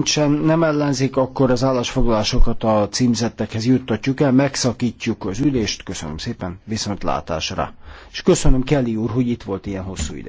nincsen, nem ellenzik, akkor az állásfoglalásokat a címzettekhez juttatjuk el, megszakítjuk az ülést, köszönöm szépen, viszontlátásra. És köszönöm Kelly úr, hogy itt volt ilyen hosszú ide.